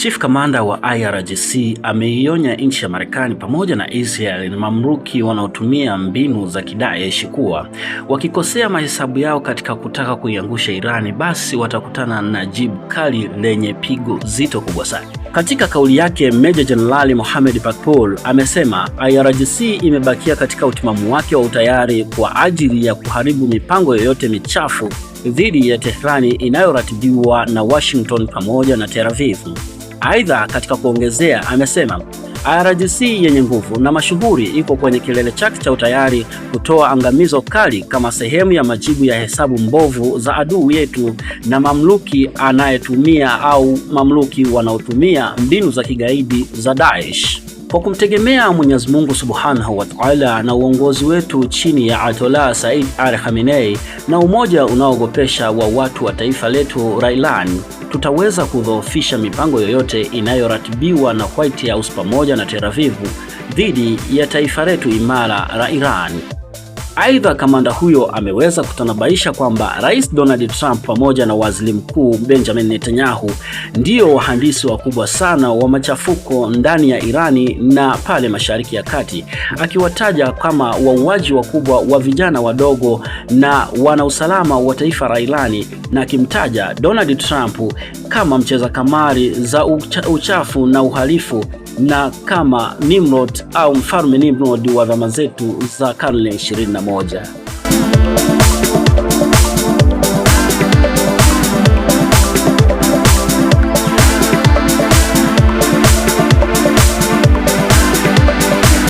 Chief Kamanda wa IRGC ameionya nchi ya Marekani pamoja na Israel na mamluki wanaotumia mbinu za kidaeshi kuwa wakikosea mahesabu yao katika kutaka kuiangusha Irani, basi watakutana na jibu kali lenye pigo zito kubwa sana. Katika kauli yake, Meja Jenerali Mohamed Pakpol amesema IRGC imebakia katika utimamu wake wa utayari kwa ajili ya kuharibu mipango yoyote michafu dhidi ya tehrani inayoratibiwa na Washington pamoja na Tel Aviv. Aidha, katika kuongezea, amesema IRGC yenye nguvu na mashuhuri iko kwenye kilele chake cha utayari kutoa angamizo kali kama sehemu ya majibu ya hesabu mbovu za adui yetu na mamluki anayetumia au mamluki wanaotumia mbinu za kigaidi za Daesh. Kwa kumtegemea Mwenyezi Mungu Subhanahu wa Ta'ala na uongozi wetu chini ya Ayatollah Said Ali Khamenei na umoja unaogopesha wa watu wa taifa letu Railani, tutaweza kudhoofisha mipango yoyote inayoratibiwa na White House pamoja na Tel Aviv dhidi ya taifa letu imara la Iran. Aidha, kamanda huyo ameweza kutanabaisha kwamba Rais Donald Trump pamoja na Waziri Mkuu Benjamin Netanyahu ndio wahandisi wakubwa sana wa machafuko ndani ya Irani na pale Mashariki ya Kati, akiwataja kama wauaji wakubwa wa vijana wadogo na wanausalama wa taifa la Irani, na akimtaja Donald Trump kama mcheza kamari za ucha, uchafu na uhalifu na kama Nimrod au mfalme Nimrod wa zama zetu za karne 21.